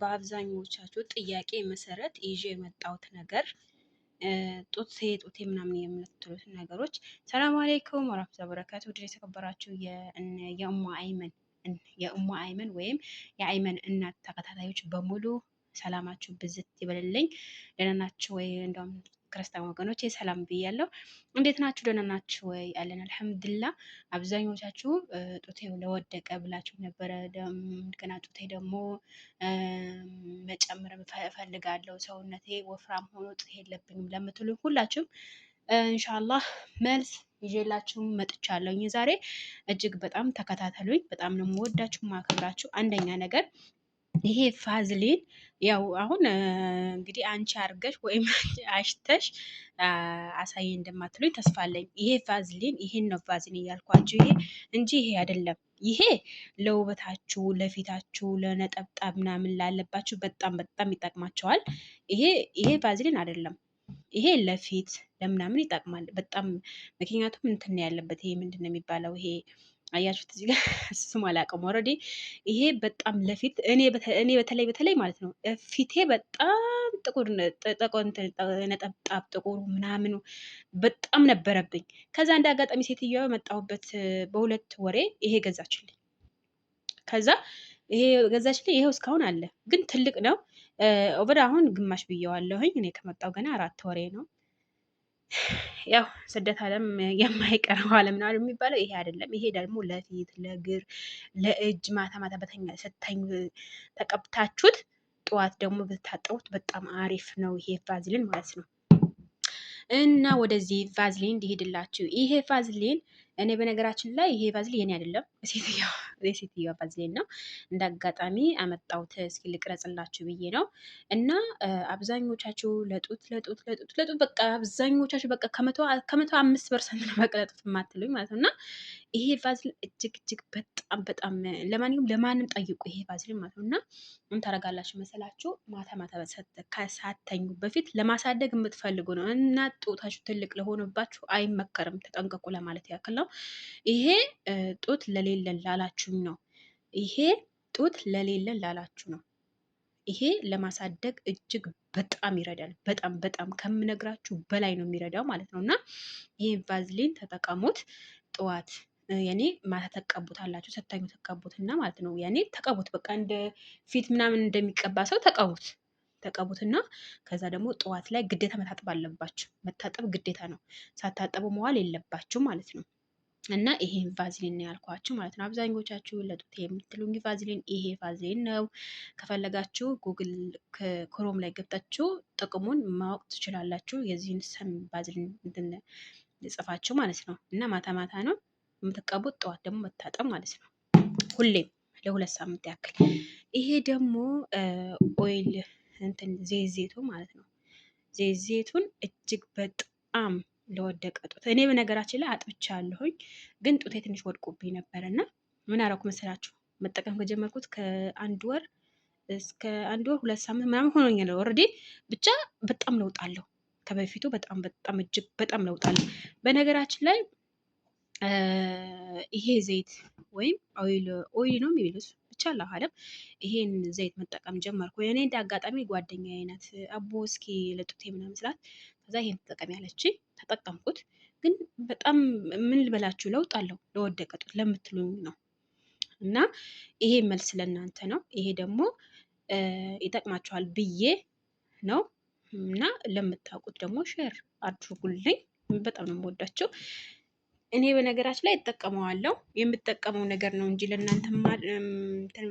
በአብዛኞቻችሁ ጥያቄ መሰረት ይዤ የመጣሁት ነገር ጡት ሰሄ ጡቴ ምናምን የምትሉት ነገሮች። ሰላም አሌይኩም ወራህመቱላሂ ወበረካቱ። ድሬ የተከበራችሁ የእማ አይመን የእማ አይመን ወይም የአይመን እናት ተከታታዮች በሙሉ ሰላማችሁ ብዝት ይበልልኝ። ደህና ናችሁ ወይ? እንደውም ክርስቲያን ወገኖች ሰላም ብያለሁ። እንዴት ናችሁ? ደህና ናችሁ ወይ? አለን አልሐምድላ። አብዛኞቻችሁ ጡቴ ለወደቀ ብላችሁ ነበረ። ገና ጡቴ ደግሞ መጨመር እፈልጋለሁ፣ ሰውነቴ ወፍራም ሆኖ ጡቴ የለብኝም ለምትሉኝ ሁላችሁም ኢንሻአላህ መልስ ይዤላችሁ መጥቻለሁኝ። ዛሬ እጅግ በጣም ተከታተሉኝ። በጣም ነው የምወዳችሁ ማከብራችሁ። አንደኛ ነገር ይሄ ቫዝሊን ያው አሁን እንግዲህ አንቺ አርገሽ ወይም አሽተሽ አሳይ እንደማትሉኝ ተስፋ አለኝ። ይሄ ቫዝሊን ይሄን ነው ቫዝሊን እያልኳችሁ ይሄ እንጂ ይሄ አይደለም። ይሄ ለውበታችሁ፣ ለፊታችሁ፣ ለነጠብጣብ ምናምን ላለባችሁ በጣም በጣም ይጠቅማቸዋል። ይሄ ይሄ ቫዝሊን አይደለም። ይሄ ለፊት ለምናምን ይጠቅማል በጣም ምክንያቱም እንትን ያለበት ይሄ ምንድን ነው የሚባለው ይሄ አያችሁት እዚህ ጋር ስሙ አላውቅም። ኦልሬዲ ይሄ በጣም ለፊት እኔ በተለይ በተለይ ማለት ነው ፊቴ በጣም ጥቁር ነጠብጣብ ጥቁሩ ምናምኑ በጣም ነበረብኝ። ከዛ እንደ አጋጣሚ ሴትዮዋ መጣሁበት በሁለት ወሬ ይሄ ገዛችልኝ። ከዛ ይሄ ገዛችልኝ። ይሄው እስካሁን አለ፣ ግን ትልቅ ነው። ወደ አሁን ግማሽ ብየዋለሁኝ። እኔ ከመጣሁ ገና አራት ወሬ ነው። ያው ስደት ዓለም የማይቀረው ዓለም ነው የሚባለው። ይሄ አይደለም። ይሄ ደግሞ ለፊት፣ ለእግር፣ ለእጅ ማታ ማታ በተኛ ስተኙ ተቀብታችሁት ጠዋት ደግሞ ብታጠቡት በጣም አሪፍ ነው። ይሄ ቫዝሊን ማለት ነው እና ወደዚህ ቫዝሊን እንዲሄድላችሁ ይሄ ቫዝሊን እኔ በነገራችን ላይ ይሄ ቫዝሊን የኔ አይደለም የሴትዮዋ ቫዝሊን ነው። እንደ አጋጣሚ አመጣሁት እስኪ ልቅረጽላችሁ ብዬ ነው። እና አብዛኞቻችሁ ለጡት ለጡት ለጡት ለጡት በቃ አብዛኞቻችሁ በቃ ከመቶ አምስት ፐርሰንት ነው በቃ ለጡት የማትሉኝ ማለት ነው። እና ይሄ ቫዝሊን እጅግ እጅግ በጣም በጣም ለማንም ለማንም ጠይቁ ይሄ ቫዝሊን ማለት ነው። እና ምን ታደርጋላችሁ መሰላችሁ ማታ ማታ ሳተኙ በፊት ለማሳደግ የምትፈልጉ ነው እና ጡታችሁ ትልቅ ለሆነባችሁ አይመከርም፣ ተጠንቀቁ ለማለት ያክል ነው። ይሄ ጡት ለሌለን ላላችሁም ነው። ይሄ ጡት ለሌለን ላላችሁ ነው። ይሄ ለማሳደግ እጅግ በጣም ይረዳል። በጣም በጣም ከምነግራችሁ በላይ ነው የሚረዳው ማለት ነው። እና ይሄ ቫዝሊን ተጠቀሙት። ጠዋት የኔ ማታ ተቀቡታላችሁ። ሰታኙ እና ማለት ነው የኔ ተቀቡት። በቃ እንደ ፊት ምናምን እንደሚቀባ ሰው ተቀቡት ተቀቡት እና ከዛ ደግሞ ጠዋት ላይ ግዴታ መታጠብ አለባችሁ። መታጠብ ግዴታ ነው። ሳታጠቡ መዋል የለባችሁ ማለት ነው። እና ይሄን ቫዝሊን ነው ያልኳችሁ ማለት ነው። አብዛኞቻችሁ ለጡት የምትሉኝ ቫዝሊን ይሄ ቫዝሊን ነው። ከፈለጋችሁ ጉግል ክሮም ላይ ገብታችሁ ጥቅሙን ማወቅ ትችላላችሁ። የዚህን ሰም ቫዝሊን እንትን ጽፋችሁ ማለት ነው እና ማታ ማታ ነው የምትቀቡት፣ ጠዋት ደግሞ መታጠብ ማለት ነው። ሁሌም ለሁለት ሳምንት ያክል። ይሄ ደግሞ ኦይል እንትን ዜዜቱ ማለት ነው። ዜዜቱን እጅግ በጣም ለወደቀ ጡት እኔ በነገራችን ላይ አጥብቻለሁኝ፣ ግን ጡቴ ትንሽ ወድቆብኝ ነበር እና ምን አረኩ መሰላችሁ? መጠቀም ከጀመርኩት ከአንድ ወር እስከ አንድ ወር ሁለት ሳምንት ምናምን ሆኖኛል። ኦልሬዲ ብቻ በጣም ለውጥ አለው ከበፊቱ በጣም በጣም እጅግ በጣም ለውጥ አለው። በነገራችን ላይ ይሄ ዘይት ወይም ኦይል ነው የሚሉት ብቻ ለአለም ይሄን ዘይት መጠቀም ጀመርኩ። እኔ እንደ አጋጣሚ ጓደኛ አይነት አቦ እስኪ ልጡቴ ምናምን ስላት ከዛ ይሄን ተጠቀም ያለች ተጠቀምኩት። ግን በጣም ምን ልበላችሁ ለውጥ አለው ለወደቀ ጡት ለምትሉ ነው። እና ይሄ መልስ ለእናንተ ነው። ይሄ ደግሞ ይጠቅማችኋል ብዬ ነው። እና ለምታውቁት ደግሞ ሼር አድርጉልኝ። በጣም ነው የምወዳቸው። እኔ በነገራችን ላይ እጠቀመዋለሁ። የምጠቀመው ነገር ነው እንጂ ለእናንተ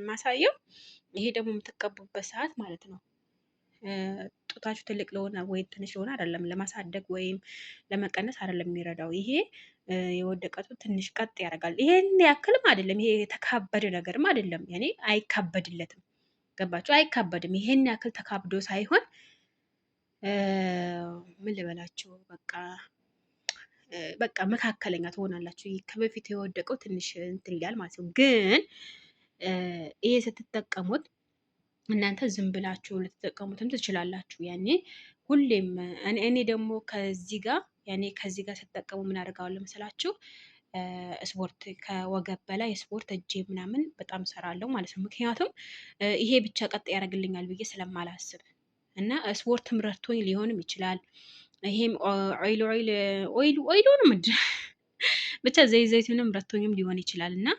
ማሳየው። ይሄ ደግሞ የምትቀቡበት ሰዓት ማለት ነው። ጡታችሁ ትልቅ ለሆነ ወይም ትንሽ ለሆነ አይደለም፣ ለማሳደግ ወይም ለመቀነስ አይደለም የሚረዳው። ይሄ የወደቀ ትንሽ ቀጥ ያደርጋል። ይሄን ያክልም አይደለም፣ ይሄ የተካበደ ነገርም አይደለም። ያኔ አይካበድለትም። ገባችሁ? አይካበድም። ይሄን ያክል ተካብዶ ሳይሆን ምን ልበላችሁ በቃ በቃ መካከለኛ ትሆናላችሁ። ከበፊት የወደቀው ትንሽ እንትን ይላል ማለት ነው። ግን ይሄ ስትጠቀሙት እናንተ ዝም ብላችሁ ልትጠቀሙትም ትችላላችሁ። ያኔ ሁሌም እኔ ደግሞ ከዚህ ጋር ያኔ ከዚህ ጋር ስትጠቀሙ ምን አደርጋለሁ መሰላችሁ? ስፖርት ከወገብ በላይ ስፖርት እጄ ምናምን በጣም ሰራለሁ ማለት ነው። ምክንያቱም ይሄ ብቻ ቀጥ ያደርግልኛል ብዬ ስለማላስብ እና ስፖርትም ረድቶኝ ሊሆንም ይችላል ይሄም ኦይል ኦይል ኦይል ኦይል ነው ምንድን ብቻ ዘይ ዘይቱንም ረቶኝም ሊሆን ይችላል እና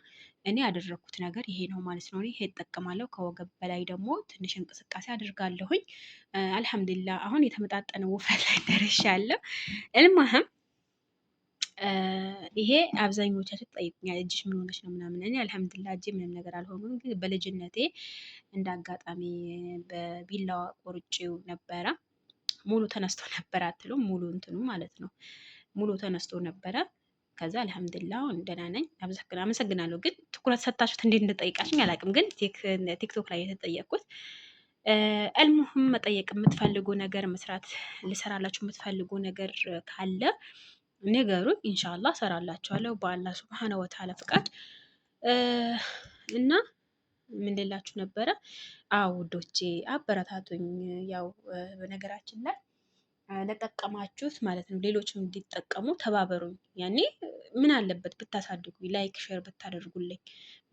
እኔ ያደረኩት ነገር ይሄ ነው ማለት ነው። ይሄ እጠቀማለሁ። ከወገብ በላይ ደግሞ ትንሽ እንቅስቃሴ አድርጋለሁኝ። አልሐምዱሊላ አሁን የተመጣጠነ ውፍረት ላይ ደርሻለሁ። እልማህም ይሄ አብዛኞቻችሁ ትጠይቁኛል፣ እጅሽ ምን ሆነች ነው ምናምን። እኔ አልሐምዱሊላ እጄ ምንም ነገር አልሆኑም፣ ግን በልጅነቴ እንደ አጋጣሚ በቢላዋ ቆርጬው ነበረ ሙሉ ተነስቶ ነበረ አትሉም? ሙሉ እንትኑ ማለት ነው። ሙሉ ተነስቶ ነበረ። ከዛ አልሐምዱሊላህ አሁን ደህና ነኝ። አመሰግናለሁ። ግን ትኩረት ሰታችሁት እንዴት እንደጠይቃችኝ አላውቅም። ግን ቲክቶክ ላይ የተጠየቅኩት አልሙህም መጠየቅ የምትፈልጉ ነገር መስራት ልሰራላችሁ የምትፈልጉ ነገር ካለ ነገሩ ኢንሻአላህ ሰራላችኋለሁ በአላህ ሱብሃነ ወተዓላ ፍቃድ እና ምንልላችሁ ነበረ? አዎ ውዶቼ አበረታቱኝ። ያው በነገራችን ላይ ለጠቀማችሁት ማለት ነው፣ ሌሎችም እንዲጠቀሙ ተባበሩኝ። ያኔ ምን አለበት ብታሳድጉኝ፣ ላይክ ሼር ብታደርጉልኝ።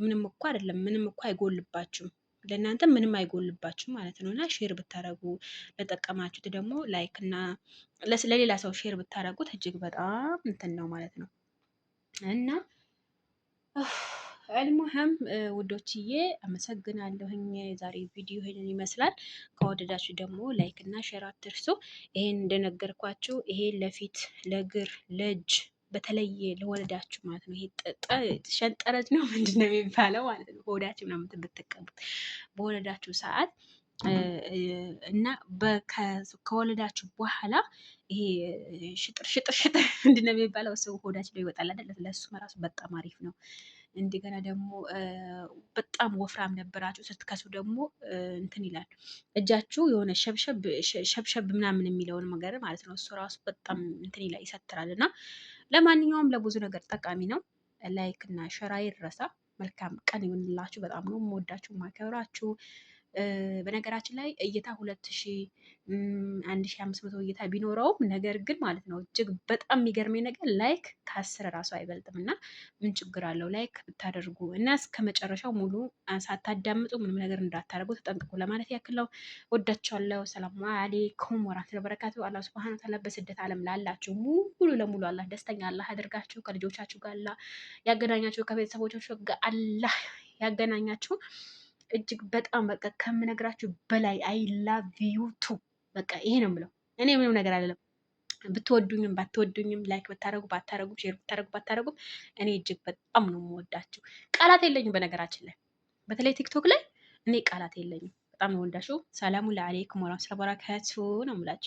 ምንም እኮ አይደለም፣ ምንም እኮ አይጎልባችሁም፣ ለእናንተ ምንም አይጎልባችሁም ማለት ነው። እና ሼር ብታደርጉ ለጠቀማችሁት ደግሞ ላይክ እና ለሌላ ሰው ሼር ብታደርጉት እጅግ በጣም እንትን ነው ማለት ነው እና አልሙሀም ውዶችዬ አመሰግናለሁኝ። የዛሬ ቪዲዮ ይህንን ይመስላል። ከወደዳችሁ ደግሞ ላይክ እና ሼር አትርሱ። ይሄን እንደነገርኳችሁ ይሄ ለፊት ለእግር ለእጅ በተለየ ለወለዳችሁ ማለት ነው። ይሄ ሸንጠረዥ ነው ምንድን ነው የሚባለው ማለት ነው። በወዳችሁ ምናምን ብትቀቡት በወለዳችሁ ሰዓት እና ከወለዳችሁ በኋላ ይሄ ሽጥር ሽጥር ሽጥር ምንድን ነው የሚባለው ሰው ሆዳችሁ ላይ ይወጣል አይደል? ለእሱም ራሱ በጣም አሪፍ ነው። እንደገና ደግሞ በጣም ወፍራም ነበራችሁ ስትከሱ ደግሞ እንትን ይላል እጃችሁ የሆነ ሸብሸብ ምናምን የሚለውን ነገር ማለት ነው። እሱ ራሱ በጣም እንትን ይላል ይሰትራል። እና ለማንኛውም ለብዙ ነገር ጠቃሚ ነው። ላይክ እና ሸራ ይረሳ። መልካም ቀን ይሁንላችሁ። በጣም ነው የምወዳችሁ ማከብራችሁ። በነገራችን ላይ እይታ ሁለት ሺ አንድ ሺ አምስት መቶ እይታ ቢኖረውም ነገር ግን ማለት ነው እጅግ በጣም የሚገርመኝ ነገር ላይክ ከአስር ራሱ አይበልጥም። እና ምን ችግር አለው ላይክ ብታደርጉ እና እስከ መጨረሻው ሙሉ ሳታዳምጡ ምንም ነገር እንዳታደርጉ ተጠንቅቁ ለማለት ያክል ነው። ወዳቸዋለሁ። ሰላሙ አሌይኩም ወራህመቱላሂ ወበረካቱ። አላህ ሱብሃነሁ ወተዓላ በስደት ዓለም ላላችሁ ሙሉ ለሙሉ አላህ ደስተኛ አላህ ያደርጋችሁ። ከልጆቻችሁ ጋር አላህ ያገናኛችሁ። ከቤተሰቦቻችሁ ጋር አላህ ያገናኛችሁ። እጅግ በጣም በቃ ከምነግራችሁ በላይ አይ ላቭ ዩ ቱ በቃ ይሄ ነው የምለው። እኔ ምንም ነገር አይደለም። ብትወዱኝም ባትወዱኝም ላይክ ብታደረጉ ባታደረጉም ሼር ብታደረጉ ባታደረጉም እኔ እጅግ በጣም ነው የምወዳችሁ። ቃላት የለኝም በነገራችን ላይ በተለይ ቲክቶክ ላይ እኔ ቃላት የለኝም። በጣም ነው ወዳችሁ። ሰላሙ ለአሌይኩም ወራህመቱላሂ ወበረካቱ ነው የምላችሁ።